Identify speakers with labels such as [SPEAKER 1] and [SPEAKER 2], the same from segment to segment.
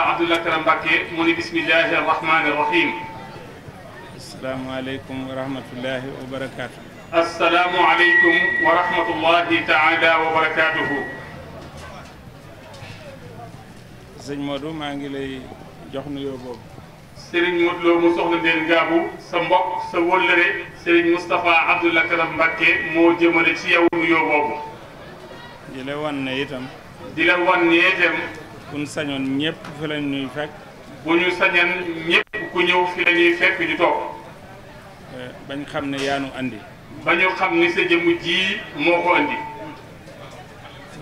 [SPEAKER 1] Abdul Akram Mbàkke mu ni bismillahi arrahmani irrahim asalaamualeykum wa rahmatullahi wa barakaatu asalaamualeykum wa rahmatullahi taala wa barakaatuhu sëñ Modou maa ngi lay jox nuyoo boobu sëriñ Modou Lo mu soxna Ndéen Ngaabu sa mbokk sa wëllëre sëriñ Moustapha Abdul Akram Mbàkke moo jëmale ci yow nuyoo boobu di la wan ne itam di la wan ne itam bu sañoon ñëpp fi la ñuy fekk. bu ñu sañoon ñëpp ku ñëw fi la ñuy fekk ñu toog. Euh, bañ xam ne yaanu andi. ba ñu xam ni sa jëmu ji moo ko andi.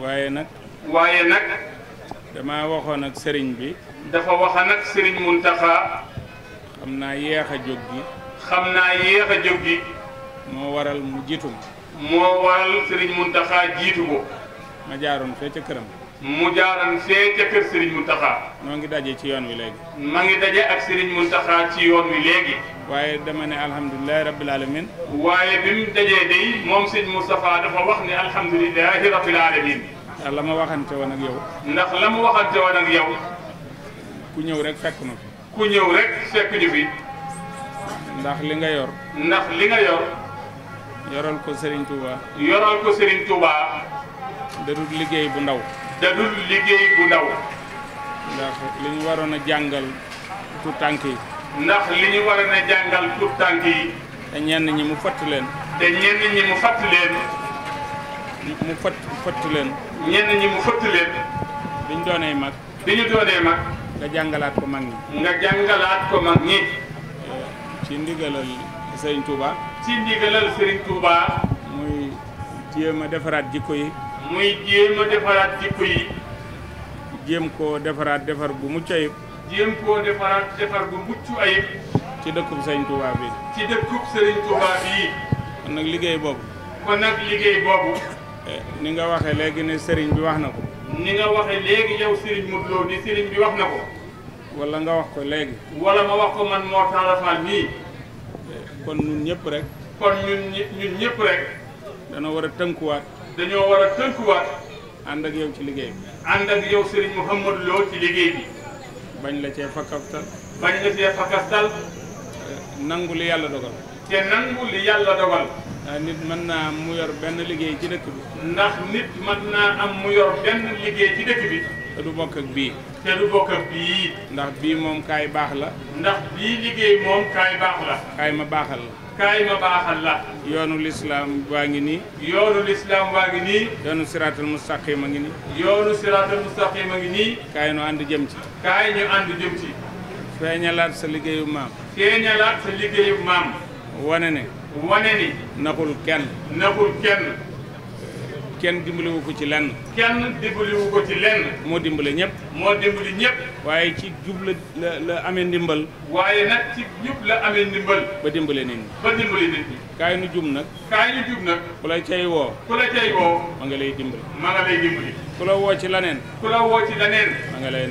[SPEAKER 1] waaye nag. waaye nag. dama waxoon ak sëriñ bi. dafa waxoon ak sëriñ Muntaxa. xam naa yéex a jóg gi. xam naa yéex a jóg bi moo waral mu jiitu. moo waral sëriñ Muntaxa jiitu ko. ma jaaroon fee ca këram. mu jaaran see ca kër Serigne noo ngi daje ci yoon wi léegi. maa ngi daje ak Serigne Mountakha ci yoon wi léegi. waaye dama ne alhamdulilah rabbil alamin waaye bi daje dajee moom Serigne Moustapha dafa wax ne alhamdulilah rabbil alamin ndax la ma waxante woon ak yow. ndax la mu waxante woon ak yow. ku ñëw rek fekk fi. ku ñëw rek fekk ñu ndax li nga yor. ndax li nga yor. yoral ko Serigne Touba. yoral ko Serigne Touba. darul liggéey bu ndaw. da liggéey bu ndaw. ndax li waroon a jàngal tuut tànki ndax li ñu waroon a jàngal tuut tànk yi. te ñenn ñi mu fatt leen. te ñenn mu fatt leen. mu fatt fatt leen. ñenn ñi mu fatt leen. bi ñu mag. bi ñu doonee mag. nga jàngalaat ko mag ñi. nga jàngalaat ko mag ñi. ci ndigalal Serigne Touba. ci ndigalal Serigne Touba. muy jéem a defaraat jikko yi. muy jéem a defaraat jikko yi. jéem koo defaraat defar bu mucc ayib. jéem koo defaraat defar bu mucc ayib. ci dëkku Sëriñ Touba bi. ci dëkkub Sëriñ Touba bii. kon nag liggéey boobu. kon nag liggéey boobu. Eh, ni nga waxee léegi ne sëriñ bi wax na ko. ni nga waxe léegi yow sëriñ Modou Lo ni sëriñ bi wax na ko. wala nga wax ko léegi. wala ma wax ko man Mor Talla Fall nii. Eh, kon ñun ñëpp rek. kon ñun ñun rek. dana war a tënkuwaat. dañoo war a tënkuwaat. ànd ak yow ci liggéey bi. ànd ak yow Serigne Mouhamadou Lo ci liggéey bi. bañ la cee fakkastal. bañ la cee fakkastal. Eh, nangu li yàlla dogal. te nangu li yàlla dogal. Eh, nit mën naa am mu yor benn liggéey ci dëkk bi. ndax nit mën naa am mu yor benn liggéey ci dëkk bi. te du bokk ak bii. te du bokk ak bii. ndax bii moom kaay baax la. ndax bii liggéey moom kaay baax la. kaay ma baaxal la. kaay ma baaxal yoonu lislaam waa ngi nii yoonu lislaam waa ngi nii yoonu siraatal mustaqima ngi nii yoonu siraatal mustaqima ngi nii kaay ñu ànd jëm ci kaay ñu ànd jëm ci feeñalaat sa liggéeyu maam feeñalaat sa liggéeyub maam wane ne wane ni naxul kenn naxul kenn kenn dimbaliwu ko ci lenn. kenn dimbaliwu ko ci lenn. moo dimbale ñëpp. moo dimbali ñëpp. waaye ci jub la amee ndimbal. waaye nag ci la amee ndimbal. ba dimbale nit ñi. kaay nu jub nag. kaay nu jub nag. ku la cay woo. ku la cay woo. ma nga lay dimbali. ma nga lay dimbali. ku la woo ci laneen. ku la woo ci laneen. ma nga lay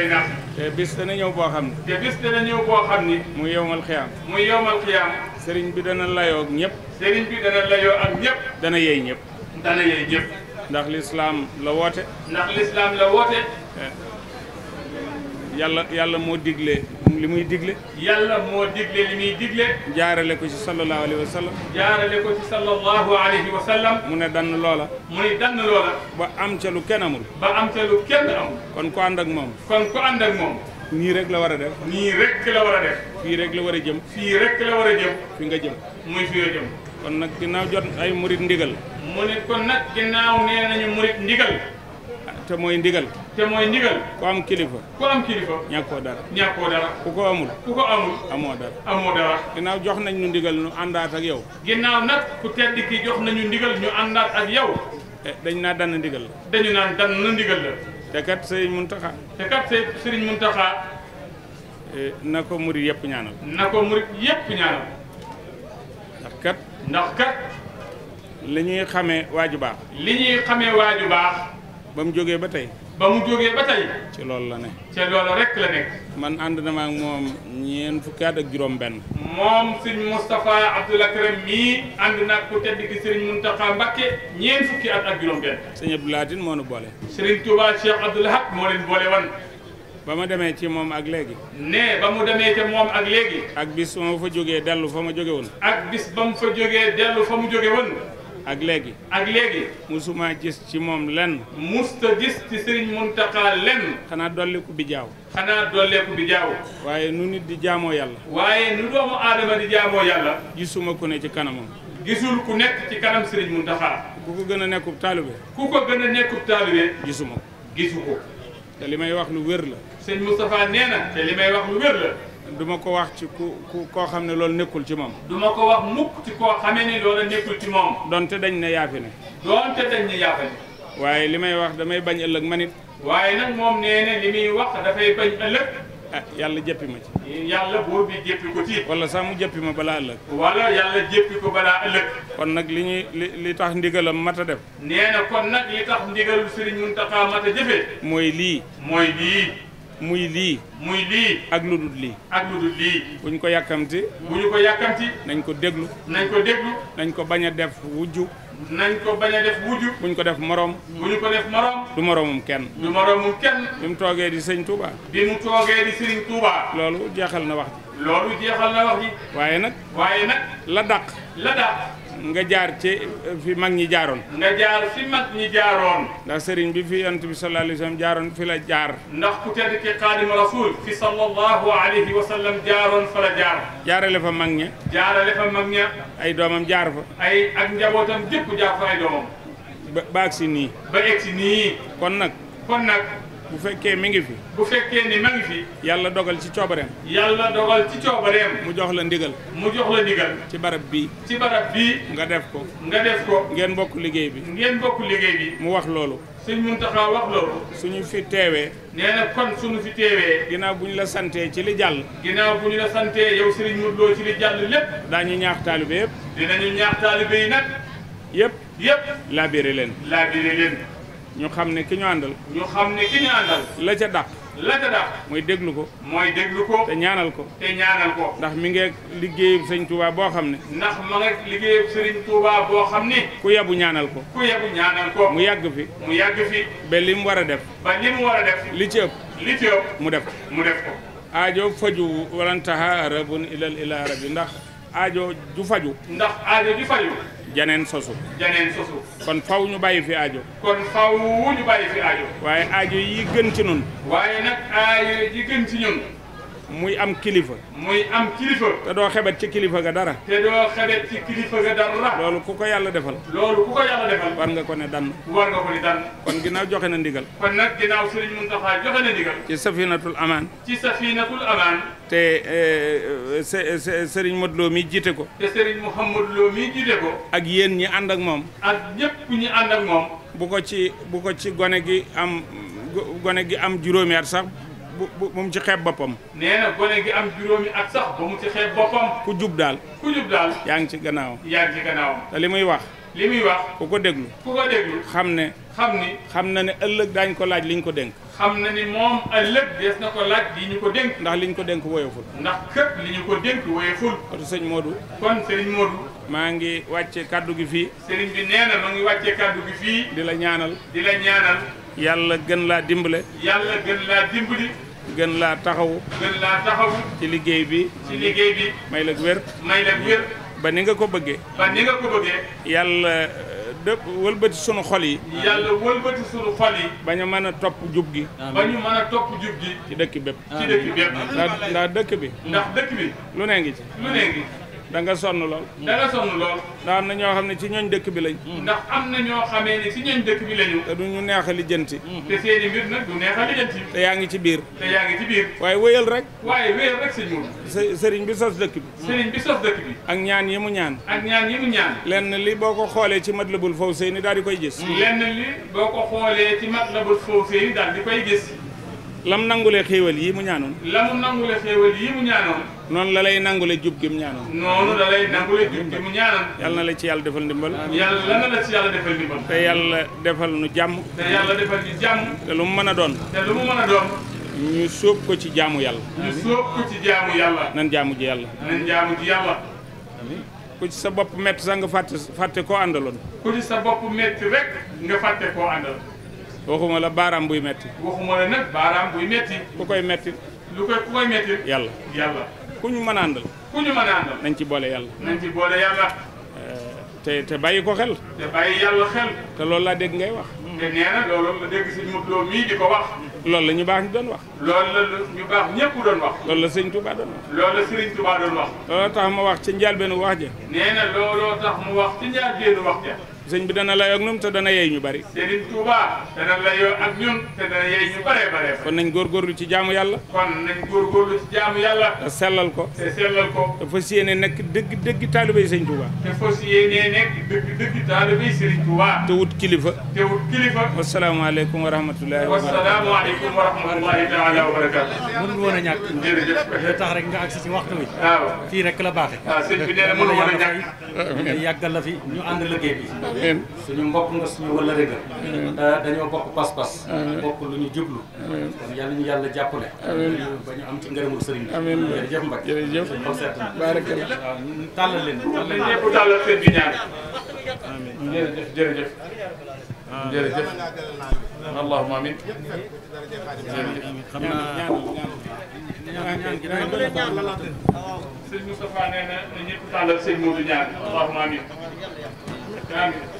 [SPEAKER 1] nax. te bis dana ñëw boo xam ne. te bis dana ñëw boo xam ni. mu yowmal xiyaam. mu yowmal xiyaam. sëriñ bi dana layoo ak ñëpp. sëriñ bi dana layoo ak ñëpp. dana yey ñëpp. dana yee ñëpp. ndax lislaam la woote. ndax lislaam la woote. Eh, yàlla yàlla moo digle li muy digle. yàlla moo digle li muy digle. jaarale ko ci sallallahu alayhi wa sallam. jaarale ko ci sallallahu alayhi wa sallam. mu ne dann loola. mu ne dann loola. ba am ca lu kenn ba am ca lu kenn amul. kon ku ànd moom. kon ku ànd ak moom. nii rek la war a def. nii rek la war a def. fii rek la war a jëm. fii rek la war a jëm. fi nga jëm. muy fi jëm. kon nag ginnaaw jot ay murit ndigal mu ne kon nag ginnaaw nee nañu murit ah, ndigal te mooy ndigal ku am kilifa ku am kilifa ñàkkoo dara ñàkkoo dara ku ko amul ku ko amul amoo dara amoo dara ginnaaw jox nañ ñu ndigal ñu àndaat ak yow ginnaaw nag ku tedd ki jox nañu ndigal ñu àndaat ak yow eh, dañ naa dann ndigal la dañu naan dann ndigal la te kat sëriñ Muntaxa te kat sëriñ Muntaxa eh, na ko murit yëpp ñaanal na ko murit yëpp ñaanal ndax kat ndax kat. li ñuy xamee waaju baax. li ñuy xamee waaju baax. ba mu jógee ba tey. ba mu jógee ba tey. ci loolu la ne. ci loolu rek la nekk. man ànd na ma ak moom ñeent fukki at ak juróom-benn. moom sëñ Moustapha Abdoul Akram mii ànd na ku tedd ki sëriñ Mountakha Mbacké ñeent fukki at ak juróom-benn. sëñ Abdou Lahat moo nu boole. sëriñ Touba Cheikh Abdoul Ahad moo leen boole wan. ba ma demee ci moom ak léegi. ne ba mu demee ci moom ak léegi. ak bis ba ma fa jógee dellu fa ma jóge woon. ak bis ba mu fa jógee dellu fa mu jóge woon. ak léegi. ak léegi. musuma gis ci moom lenn. musta gis ci Serigne Mountakha lenn. xanaa dolliku bi jaaw. xanaa dolleeku bi jaaw. waaye nu nit di jaamoo yàlla. waaye nu doomu aadama di jaamoo yàlla. gisuma ku ne ci kanamam. gisul ku nekk ci kanam Serigne Mountakha. ku ko gën a nekkub taalibe. ku ko gën a nekkub taalibe. gisuma ko gisu te li may wax lu wér la. seen Moustapha nee na. te li may wax lu wér la. du ko wax ci ku ku koo xam ne loolu nekkul ci moom. duma ko wax mukk ci koo xamee ni loolu nekkul ci moom. donte dañ ne yaa fi ne. donte dañ ne yaa fi ne. waaye li may wax damay bañ ëllëg man it. waaye nag moom nee na li muy wax dafay bañ ëllëg. ah yàlla jëppi ma ci yàlla buur bi jëppi ko ci wala sax mu jëppi ma balaa ëllëg wala yàlla jëppi ko balaa ëllëg kon nag li ñuy li li tax ndigalam mat a def nee na kon nag li tax ndigalul Sëriñ Muntaxa mat a jëfee mooy lii mooy lii muy lii. muy lii. ak lu dul lii. ak lu lii. bu ñu ko yàkkamti. bu ñu ko yàkkamti. nañ ko déglu. nañ ko déglu. nañ ko bañ a def wujju. nañ ko bañ a def wujju. bu ñu ko def morom. bu ñu ko def morom. du moromum kenn. du moromum kenn. bi mu toogee di sëñ Touba. bi mu toogee di sëñ Touba. loolu jeexal na wax ji. loolu jeexal na wax ji. waaye nag. waaye nag. la dàq. la dàq. nga jaar ci euh, fi mag ñi jaaroon nga jaar fi mag ñi jaaroon ndax sëriñ bi fi yonent bi sallallahu alayhi wa sallam jaaroon fi la jaar ndax ku tedd ki xaadimu rasul fi sallallahu alayhi wa sallam jaaroon fa la jaar jaarale fa mag ñi jaarale fa mag ña ay doomam jaar fa ay ak njabootam jëpp jaar fa ay doomam ba ba nii ba egsi nii kon nag kon nag bu fekkee mi ngi fi bu fekkee ni ma ngi fi yàlla dogal ci coobareem yàlla dogal ci coobareem mu jox la ndigal mu jox la ndigal ci barab bii ci barab bii nga def ko nga def ko ngeen bokk liggéey bi ngeen bokk liggéey bi mu wax loolu suñ mun taxaa wax loolu suñu fi teewee nee kon suñu fi teewee ginnaaw bu ñu la santee ci li jàll ginnaaw bu ñu la santee yow sëriñ Modou Lo ci li jàll lépp daañu ñaax taalibe yëpp dinañu ñaax taalibe yi nag yëpp yëpp laabire leen laabire leen ñu xam ne ki ñu àndal. ñu xam la ca dàq. la ca dàq. mooy déglu ko. mooy déglu ko. te ñaanal ko. te ñaanal ko. ndax mi ngi liggéeyub sëñ Touba boo xam ne. ndax ma nga liggéeyub sëriñ Touba boo xam ne ku yabu ñaanal ko. ku yabu ñaanal ko. mu yàgg fi. mu yàgg fi. ba li mu war a def. ba li mu war a def. li ci ëpp. li ci ëpp. mu def mu def ko. aajo faju walantaha arabun ilal ila arabi ndax aajo ju faju. ndax aajo ju faju. janeen sosu janeen sosu kon faw ñu bàyyi fi ajo kon faw ñu bàyyi fi aajo waaye aajo yi gën ci ñun waaye nag aajo yi gën ci ñun muy am kilifa. muy am kilifa. te doo xebet ci kilifa ga dara. te doo xebet ci kilifa ga dara. loolu ku ko yàlla defal. loolu ku ko yàlla defal. war nga ko ne dann. war nga ko ne dann. kon ginnaaw joxe na ndigal. kon nag ginnaaw Serigne Mountakha joxe na ndigal. ci safinatul amaan. ci safinatul amaan. te eh, Serigne Modou mi jiite ko. te Serigne xam Lo mi jiite ko. ak yéen ñi ànd ak moom. ak ñëpp ñi ànd ak moom. bu ko ci bu ko ci gone gi am gone gi am juróomi sax. bu mu ci xeeb boppam. nee na gone gi am juróomi ak sax ba mu ci xeeb boppam. ku jub daal. ku jub daal. yaa ngi ci gannaaw yaa ngi ci gannaawam. te li muy wax. li muy wax. ku ko déglu. ku ko déglu. xam ne. xam ni. xam na ne ëllëg daañ ko laaj li ñu ko dénk. xam na ni moom ëllëg dees na ko laaj li ñu ko dénk. ndax li ñu ko dénk woyoful. ndax képp li ñu ko dénk woyoful. kon sëñ Modou. kon sëñ Modou. maa ngi wàcce kàddu gi fii. sëriñ bi nee na ma ngi wàcce kaddu gi fii. di la ñaanal. di la ñaanal. yàlla gën gën laa dimbali. gën laa taxawu. gën laa taxawu. ci liggéey bi. ci liggéey bi. may la wér. may la wér. ba ni nga ko bëggee. ba ni nga ko bëggee. yàlla euh, dëpp wëlbati sunu xol yi. yàlla wëlbati sunu xol yi. ba ñu mën a topp jub gi. ba ñu mën gi. ci dëkk bépp. ci dëkk ndax ndax dëkk bi. ndax dëkk bi. lu ne ci. lu ne da sonn lool. da nga sonn lool. ndax am na ñoo xam ne ci ñooñ dëkk bi lañ. Mm. ndax am na ñoo xam ne ci ñooñ dëkk bi lañu. te du ñu neex a lijjanti. Mm. te seen i mbir nag du neex a lijjanti. te yaa ngi ci biir. te yaa ngi ci biir. waaye wéyal rek. waaye wéyal rek sëñ moom. sëriñ bi sos dëkk bi. sëriñ bi sos dëkk bi. ak ñaan yi mu ñaan. ak ñaan yi mu ñaan. lenn li boo ko xoolee ci Matlabul Fawzayni daal di koy gis. Mm. lenn li boo ko xoolee ci Matlabul Fawzayni daal di koy gis. lam nangulee xéewal yi mu ñaanoon. la mu nangulee xéewal yi noonu la lay nangule jub gi mu ñaanal noonu la lay nangule jub gi mu ñaanal yàlla na la ci yàlla defal ndimbal yàlla na la ci yàlla defal ndimbal te yàlla defal nu jàmm te yàlla defal ñu jàmm te lu mu mën a doon te lu mu mën a doon ñu sóob ko ci jaamu yàlla ñu sóob ko ci jaamu yàlla nan jaamu ji yàlla nan jaamu ji yàlla ku ci sa bopp métti sax nga fàtte fàtte koo àndaloon ku ci sa bopp métti rek nga fàtte koo àndal waxuma la baaraam buy métti waxuma la nag baaraam buy métti ku koy métti lu koy ku koy métti yàlla yàlla ku ñu mën a àndal. ku ñu mën a àndal. nañ ci boole yàlla. nañ ci boole yàlla. Eh, te te bàyyi ko xel. te bàyyi yàlla xel. te loolu laa dégg ngay wax. te nee na loolu la dégg sëñ Mutlo mii di ko wax. loolu la ñu baax ñu doon wax. lool la ñu baax ñëpp doon wax. loolu la sëñ Touba doon wax. loolu la sëriñ Touba doon wax. looloo tax mu wax ci njëlbéenu wax ja. nee na looloo tax mu wax ci njëlbéenu wax ja. sëñ bi dana layoo ak ñun te dana yey ñu bari. Serigne Touba kon nañ góorgóorlu ci jaamu yàlla. kon nañ góorgóorlu ci jaamu yàlla. te sellal ko. te sellal ko. nekk dëgg dëgg taalibey sëñ Touba. te wut kilifa. te wut kilifa. wasalaamaaleykum wa rahmatullahi wa barakatuh. wasalaamaaleykum wa rahmatullahi taala wa a ñàkk. jërëjëf tax rek nga agsi ci waxtu wi. fii rek la baaxee. waaw amiin suñu mbokk nga suñu wala rëgg euh, dañoo bokk pas-pas bokk lu ñu jublu kon yàlla ñu yàlla jàppale ba ñu am ci ngërëmul sëriñ bi amiin jërëjëf Mbacke jërëjëf xol seet na barakalla waaw tàllal leen tàllal leen ñëpp tàllal seen bi ñaar amiin jërëjëf jërëjëf jërëjëf allahumma amiin xam naa sëñ Moustapha nee na ñëpp tàllal sëñ Modou ñaan allahumma amiin amiin